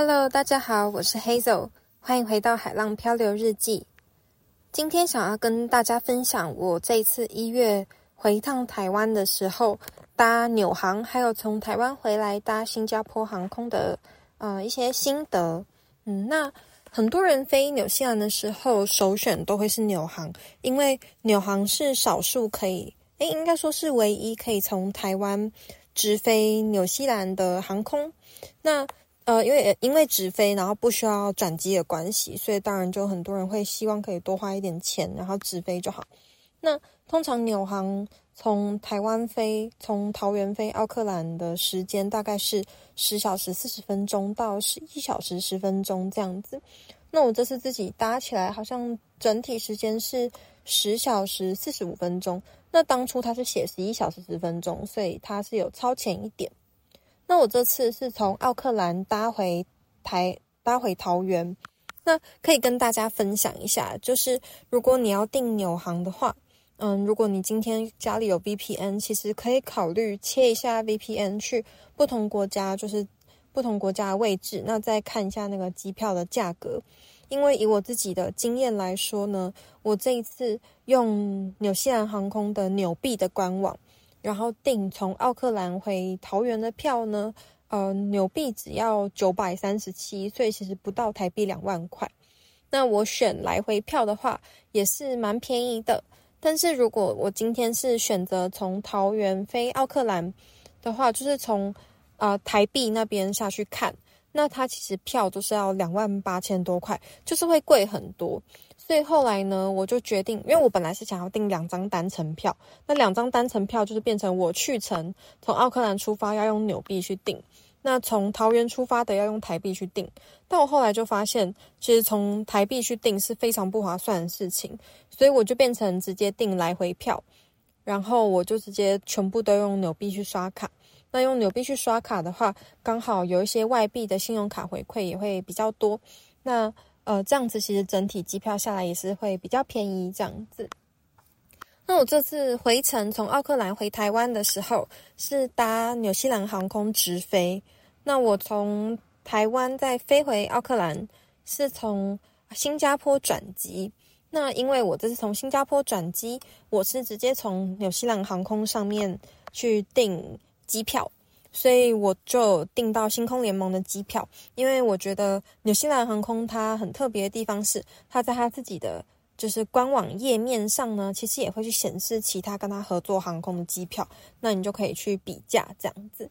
Hello，大家好，我是 Hazel，歡迎回到《海浪漂流日記》。今天想要跟大家分享我這一次一月回一趟台灣的時候搭紐航，還有從台灣回來搭新加坡航空的呃一些心得。嗯，那很多人飛紐西蘭的時候首選都會是紐航，因為紐航是少數可以，誒，應該說是唯一可以從台灣直飛紐西蘭的航空。那呃，因為因為直飛，然後不需要轉機的關係，所以當然就很多人會希望可以多花一點錢，然後直飛就好。那通常紐航從台灣飛，從桃園飛奧克蘭的時間大概是十小時四十分鐘到十一小時十分鐘這樣子。那我這次自己搭起來，好像整體時間是十小時四十五分鐘。那當初他是寫十一小時十分鐘，所以他是有超前一點。那我這次是從奧克蘭搭回台，搭回桃園，那可以跟大家分享一下，就是如果你要訂紐航的話，嗯，如果你今天家裡有 VPN，其實可以考慮切一下 VPN 去不同國家，就是不同國家的位置，那再看一下那個機票的價格，因為以我自己的經驗來說呢，我這一次用紐西蘭航空的紐幣的官網。然後訂從奧克蘭回桃園的票呢，呃，紐幣只要九百三十七，所以其實不到台幣兩萬塊。那我選來回票的話，也是蠻便宜的。但是如果我今天是選擇從桃園飛奧克蘭的話，就是從啊、呃、台幣那邊下去看，那它其實票都是要兩萬八千多塊，就是會貴很多。所以後來呢，我就決定，因為我本來是想要訂兩張單程票，那兩張單程票就是變成我去程從奧克蘭出發要用紐幣去訂，那從桃園出發的要用台幣去訂。但我後來就發現，其實從台幣去訂是非常不划算的事情，所以我就變成直接訂來回票，然後我就直接全部都用紐幣去刷卡。那用紐幣去刷卡的話，剛好有一些外幣的信用卡回饋也會比較多。那呃，這樣子其實整體機票下來也是會比較便宜，這樣子。那我這次回程從奧克蘭回台灣的時候是搭紐西蘭航空直飛，那我從台灣再飛回奧克蘭是從新加坡轉機。那因為我這次從新加坡轉機，我是直接從紐西蘭航空上面去訂機票。所以我就訂到星空聯盟的機票，因為我覺得紐西蘭航空它很特別的地方是，它在它自己的就是官網頁面上呢，其實也會去顯示其他跟它合作航空的機票，那你就可以去比價這樣子。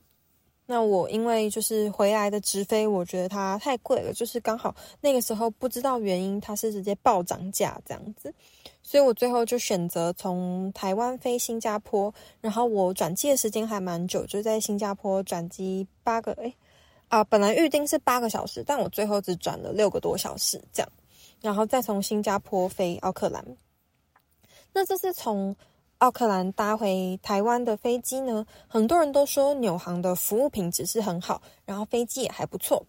那我因為就是回來的直飛，我覺得它太貴了，就是剛好那個時候不知道原因，它是直接暴漲價這樣子，所以我最後就選擇從台灣飛新加坡，然後我轉機的時間還蠻久，就在新加坡轉機八個誒、哎、啊，本來預定是八個小時，但我最後只轉了六個多小時這樣，然後再從新加坡飛奧克蘭，那這是從。奧克蘭搭回台灣的飛機呢，很多人都說紐航的服務品質是很好，然後飛機也還不錯。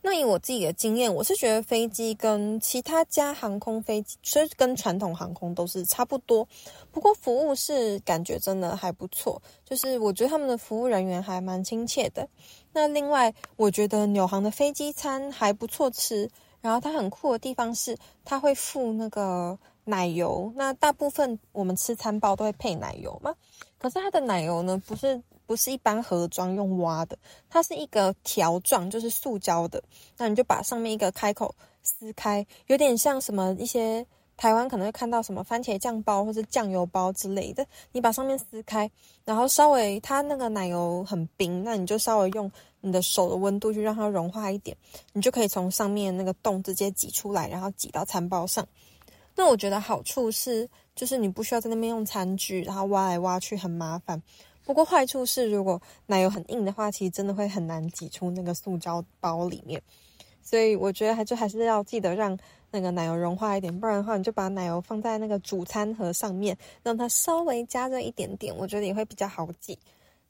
那以我自己的經驗，我是覺得飛機跟其他家航空飛機，所以跟傳統航空都是差不多。不過服務是感覺真的還不錯，就是我覺得他們的服務人員還蠻親切的。那另外，我覺得紐航的飛機餐還不錯吃，然後它很酷的地方是，它會附那個。奶油，那大部分我們吃餐包都會配奶油嘛。可是它的奶油呢，不是，不是一般盒裝用挖的，它是一個條狀，就是塑膠的。那你就把上面一個開口撕開，有點像什麼一些台灣可能會看到什麼番茄醬包或者醬油包之類的。你把上面撕開，然後稍微，它那個奶油很冰，那你就稍微用你的手的溫度去讓它融化一點，你就可以從上面那個洞直接擠出來，然後擠到餐包上。那我覺得好處是，就是你不需要在那邊用餐具，然後挖來挖去很麻煩。不過壞處是，如果奶油很硬的話，其實真的會很難擠出那個塑膠包裡面。所以我覺得還就還是要記得讓那個奶油融化一點，不然的話你就把奶油放在那個主餐盒上面，讓它稍微加熱一點點，我覺得也會比較好擠。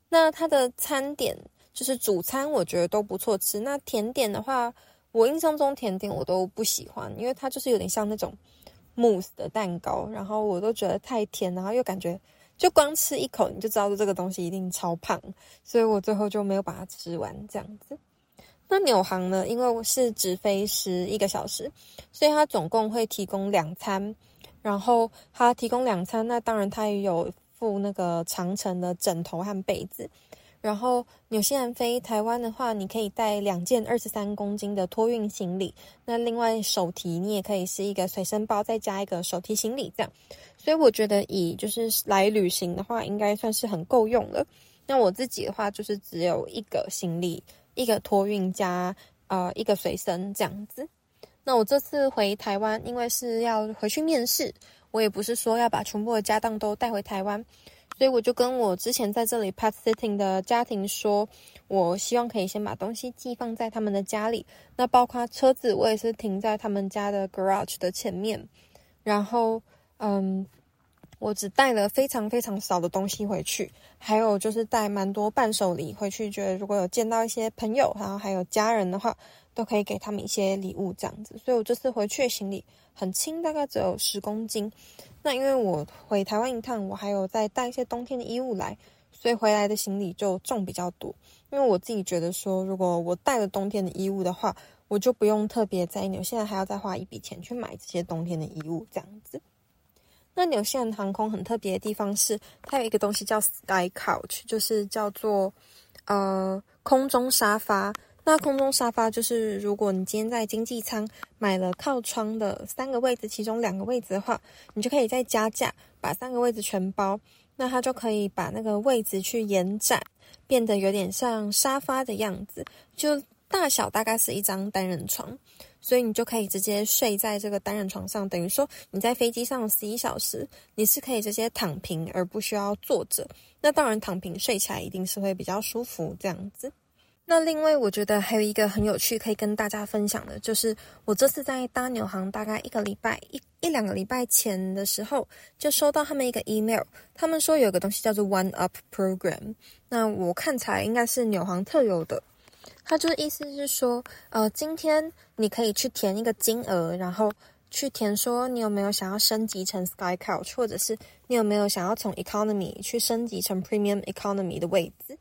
那它的餐點就是主餐，我覺得都不錯吃。那甜點的話，我印象中甜點我都不喜歡，因為它就是有點像那種。慕斯的蛋糕，然後我都覺得太甜，然後又感覺就光吃一口你就知道這個東西一定超胖，所以我最後就沒有把它吃完這樣子。那紐航呢？因為我是直飛十一個小時，所以它總共會提供兩餐，然後它提供兩餐，那當然它也有附那個長程的枕頭和被子。然後紐西蘭飛台灣的話，你可以帶兩件二十三公斤的托運行李，那另外手提你也可以是一個隨身包，再加一個手提行李這樣。所以我覺得以就是來旅行的話，應該算是很夠用了。那我自己的話就是只有一個行李，一個托運加呃一個隨身這樣子。那我這次回台灣，因為是要回去面試，我也不是說要把全部的家當都帶回台灣。所以我就跟我之前在這裡 pet sitting 的家庭說，我希望可以先把東西寄放在他們的家裡。那包括車子，我也是停在他們家的 garage 的前面。然後，嗯，我只帶了非常非常少的東西回去，還有就是帶蠻多伴手禮回去。覺得如果有見到一些朋友，然後還有家人的話，都可以給他們一些禮物這樣子。所以我這次回去的行李很輕，大概只有十公斤。那因為我回台灣一趟，我還有再帶一些冬天的衣物來，所以回來的行李就重比較多。因為我自己覺得說，如果我帶了冬天的衣物的話，我就不用特別在意。我現在還要再花一筆錢去買這些冬天的衣物，這樣子。那紐西蘭航空很特別的地方是，它有一個東西叫 Sky Couch，就是叫做呃空中沙發。那空中沙發就是，如果你今天在經濟艙買了靠窗的三個位置，其中兩個位置的話，你就可以再加價把三個位置全包。那它就可以把那個位置去延展，變得有點像沙發的樣子，就大小大概是一張單人床。所以你就可以直接睡在這個單人床上，等於說你在飛機上十一小時，你是可以直接躺平而不需要坐着。那當然躺平睡起來一定是會比較舒服，這樣子。那另外，我覺得還有一個很有趣可以跟大家分享的，就是我這次在搭紐航大概一個禮拜，一一兩個禮拜前的時候，就收到他們一個 email，他們說有個東西叫做 One Up Program。那我看起來應該是紐航特有的，它就是意思是說，呃，今天你可以去填一個金額，然後去填說你有沒有想要升級成 Sky Couch，或者是你有沒有想要從 Economy 去升級成 Premium Economy 的位置。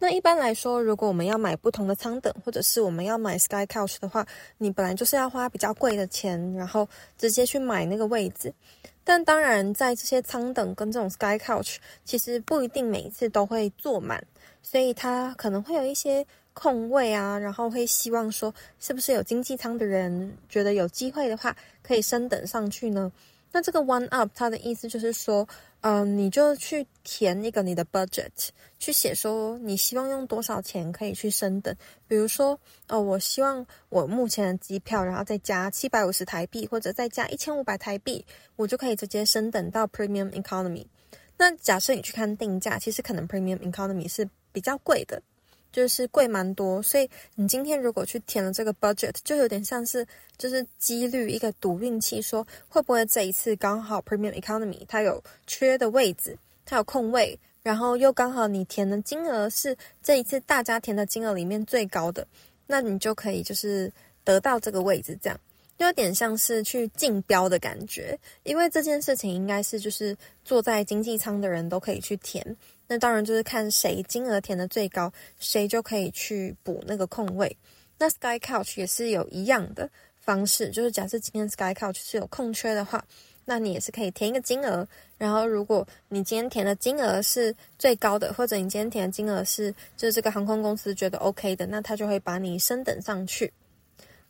那一般來說，如果我們要買不同的艙等，或者是我們要買 Sky Couch 的話，你本來就是要花比較貴的錢，然後直接去買那個位置。但當然，在這些艙等跟這種 Sky Couch，其實不一定每一次都會坐滿，所以它可能會有一些空位啊，然後會希望說，是不是有經濟艙的人覺得有機會的話，可以升等上去呢？那這個 one up，它的意思就是說，嗯、呃，你就去填一個你的 budget，去寫說你希望用多少錢可以去升等。比如說，哦、呃，我希望我目前的機票，然後再加七百五十台幣，或者再加一千五百台幣，我就可以直接升等到 premium economy。那假設你去看定價，其實可能 premium economy 是比較貴的。就是貴蠻多，所以你今天如果去填了這個 budget，就有點像是就是幾率一個賭運氣，說會不會這一次剛好 premium economy 它有缺的位置，它有空位，然後又剛好你填的金額是這一次大家填的金額裡面最高的，那你就可以就是得到這個位置，這樣有點像是去競標的感覺，因為這件事情應該是就是坐在經濟艙的人都可以去填。那當然就是看誰金額填的最高，誰就可以去補那個空位。那 Sky Couch 也是有一樣的方式，就是假設今天 Sky Couch 是有空缺的話，那你也是可以填一個金額。然後如果你今天填的金額是最高的，或者你今天填的金額是就是這個航空公司覺得 OK 的，那他就會把你升等上去。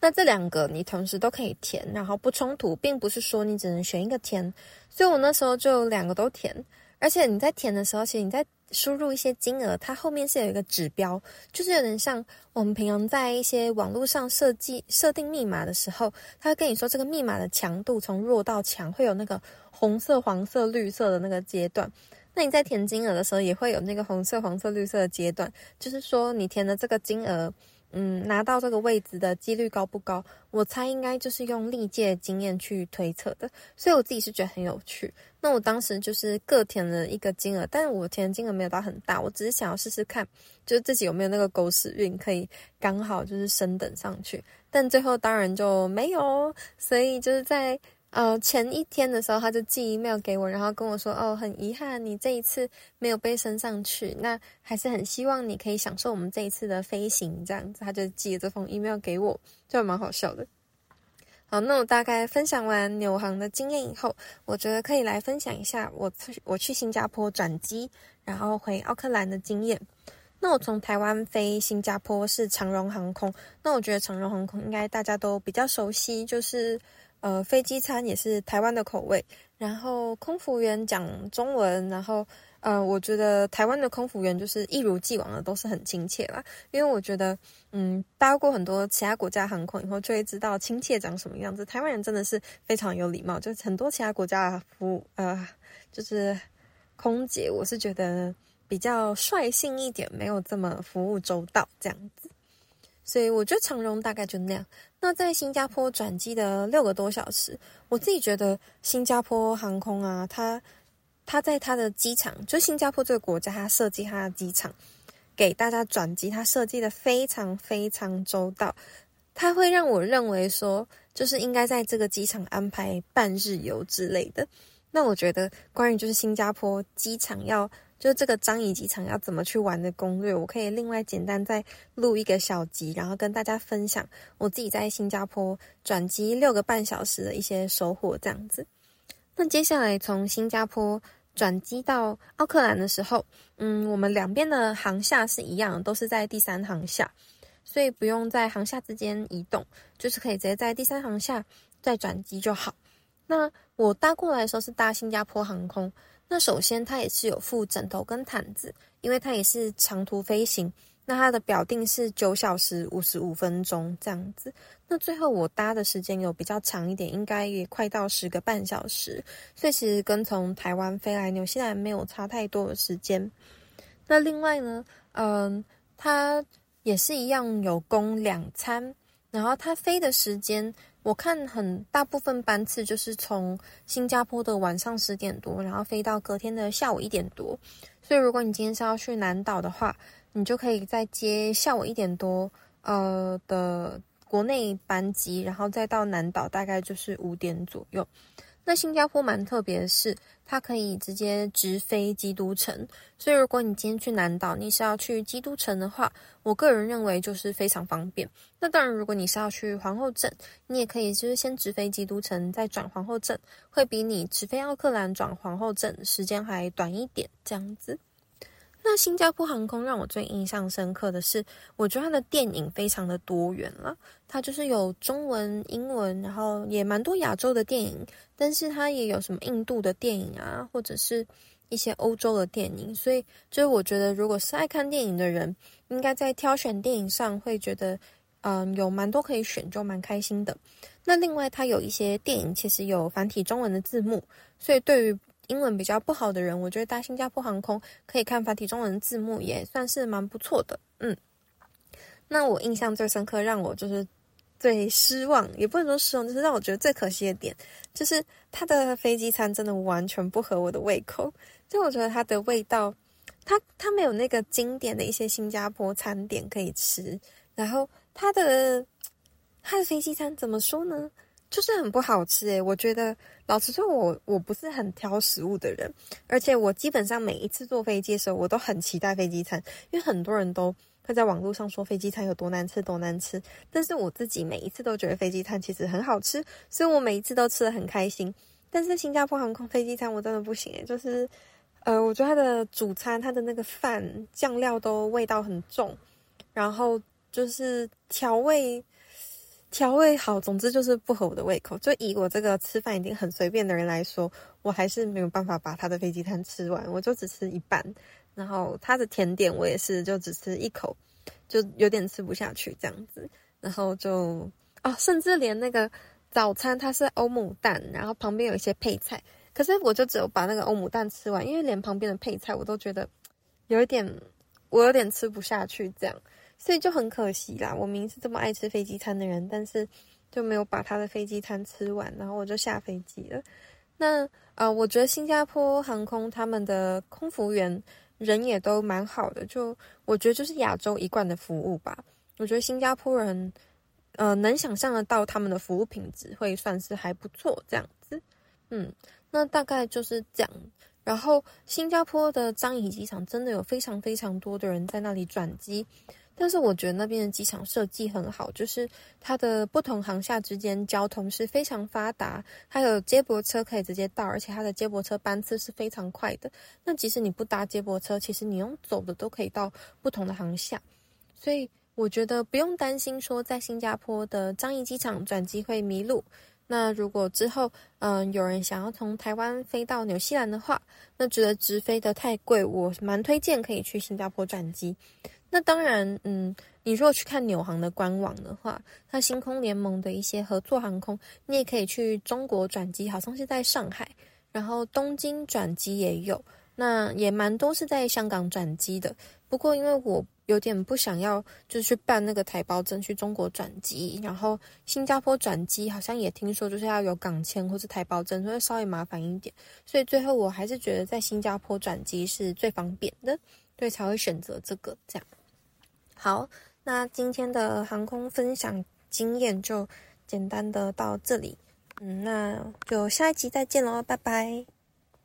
那這兩個你同時都可以填，然後不衝突，並不是說你只能選一個填。所以我那時候就兩個都填。而且你在填的時候，其實你在輸入一些金額，它後面是有一個指標，就是有點像我們平常在一些網絡上設計設定密碼的時候，它會跟你說這個密碼的強度從弱到強會有那個紅色、黃色、綠色的那個階段。那你在填金額的時候也會有那個紅色、黃色、綠色的階段，就是說你填的這個金額。嗯，拿到這個位置的幾率高不高？我猜應該就是用歷屆經驗去推測的，所以我自己是覺得很有趣。那我當時就是各填了一個金額，但是我填的金額沒有到很大，我只是想要試試看，就是自己有沒有那個狗屎運可以剛好就是升等上去。但最後當然就沒有，所以就是在。呃，前一天的時候，他就寄 email 給我，然後跟我說：“哦，很遺憾你這一次沒有被升上去，那還是很希望你可以享受我們這一次的飛行。”這樣子，他就寄了這封 email 給我，就蠻好笑的。好，那我大概分享完紐航的經驗以後，我覺得可以來分享一下我我去新加坡轉機，然後回奧克蘭的經驗。那我從台灣飛新加坡是長榮航空，那我覺得長榮航空應該大家都比較熟悉，就是。呃，飛機餐也是台灣的口味，然後空服員講中文，然後呃，我覺得台灣的空服員就是一如既往的都是很親切啦，因為我覺得，嗯，搭過很多其他國家航空以後就會知道親切長什麼樣子。台灣人真的是非常有禮貌，就是很多其他國家服務，呃，就是空姐，我是覺得比較率性一點，沒有這麼服務周到這樣子。所以我覺得長榮大概就那樣。那在新加坡轉機的六個多小時，我自己覺得新加坡航空啊，它它在它的機場，就新加坡這個國家，它設計它的機場給大家轉機，它設計得非常非常周到。它會讓我認為說，就是應該在這個機場安排半日遊之類的。那我覺得關於就是新加坡機場要。就這個樟宜機場要怎麼去玩的攻略，我可以另外簡單再錄一個小集，然後跟大家分享我自己在新加坡轉機六個半小時的一些收穫這樣子。那接下來從新加坡轉機到奧克蘭的時候，嗯，我們兩邊的航廈是一樣，都是在第三航廈，所以不用在航廈之間移動，就是可以直接在第三航廈再轉機就好。那我搭過來的時候是搭新加坡航空。那首先，它也是有附枕頭跟毯子，因為它也是長途飛行。那它的表定是九小時五十五分鐘這樣子。那最後我搭的時間有比較長一點，應該也快到十個半小時。所以其實跟從台灣飛來紐西蘭沒有差太多的時間。那另外呢，嗯、呃，它也是一樣有供兩餐，然後它飛的時間。我看很大部分班次就是從新加坡的晚上十點多，然後飛到隔天的下午一點多，所以如果你今天是要去南島的話，你就可以再接下午一點多，呃的國內班機，然後再到南島大概就是五點左右。那新加坡蠻特別的是，它可以直接直飛基督城，所以如果你今天去南島，你是要去基督城的話，我個人認為就是非常方便。那當然，如果你是要去皇後鎮，你也可以就是先直飛基督城，再轉皇後鎮，會比你直飛奧克蘭轉皇後鎮時間還短一點，這樣子。那新加坡航空讓我最印象深刻的是，我覺得它的電影非常的多元了。它就是有中文、英文，然後也蠻多亞洲的電影，但是它也有什麼印度的電影啊，或者是一些歐洲的電影。所以就是我覺得，如果是愛看電影的人，應該在挑選電影上會覺得，嗯，有蠻多可以選，就蠻開心的。那另外，它有一些電影其實有繁體中文的字幕，所以對於英文比較不好的人，我覺得搭新加坡航空可以看繁體中文字幕，也算是蠻不錯的。嗯，那我印象最深刻，讓我就是最失望，也不能說失望，就是讓我覺得最可惜的點，就是它的飛機餐真的完全不合我的胃口。就我覺得它的味道，它它沒有那個經典的一些新加坡餐點可以吃，然後它的它的飛機餐怎麼說呢？就是很不好吃欸，我覺得老實說我，我我不是很挑食物的人，而且我基本上每一次坐飛機的時候，我都很期待飛機餐，因為很多人都會在網絡上說飛機餐有多難吃多難吃，但是我自己每一次都覺得飛機餐其實很好吃，所以我每一次都吃得很開心。但是新加坡航空飛機餐我真的不行欸，就是呃，我覺得它的主餐，它的那個飯醬料都味道很重，然後就是調味。調味好，總之就是不合我的胃口。就以我這個吃飯已經很隨便的人來說，我還是沒有辦法把他的飛機餐吃完。我就只吃一半，然後他的甜點我也是就只吃一口，就有點吃不下去這樣子。然後就哦，甚至連那個早餐它是歐姆蛋，然後旁邊有一些配菜，可是我就只有把那個歐姆蛋吃完，因為連旁邊的配菜我都覺得有一點，我有點吃不下去這樣。所以就很可惜啦，我明明是這麼愛吃飛機餐的人，但是就沒有把他的飛機餐吃完，然後我就下飛機了。那呃，我覺得新加坡航空他們的空服員人也都蠻好的，就我覺得就是亞洲一貫的服務吧。我覺得新加坡人呃能想象得到他們的服務品質會算是還不錯這樣子。嗯，那大概就是這樣。然後新加坡的樟宜機場真的有非常非常多的人在那裡轉機。但是我覺得那邊的機場設計很好，就是它的不同航廈之間交通是非常發達，它有接駁車可以直接到，而且它的接駁車班次是非常快的。那即使你不搭接駁車，其實你用走的都可以到不同的航廈。所以我覺得不用擔心說在新加坡的樟宜機場轉機會迷路。那如果之後嗯、呃、有人想要從台灣飛到紐西蘭的話，那覺得直飛的太貴，我蠻推薦可以去新加坡轉機。那當然，嗯，你如果去看紐航的官網的話，那星空聯盟的一些合作航空，你也可以去中國轉機，好像是在上海，然後東京轉機也有，那也蠻多是在香港轉機的。不過因為我有點不想要，就是去辦那個台胞證去中國轉機，然後新加坡轉機好像也聽說就是要有港簽或者台胞證，所以稍微麻煩一點，所以最後我還是覺得在新加坡轉機是最方便的，對，才會選擇這個這樣。好，那今天的航空分享經驗就簡單的到這裡，嗯，那就下一集再見嘍，拜拜。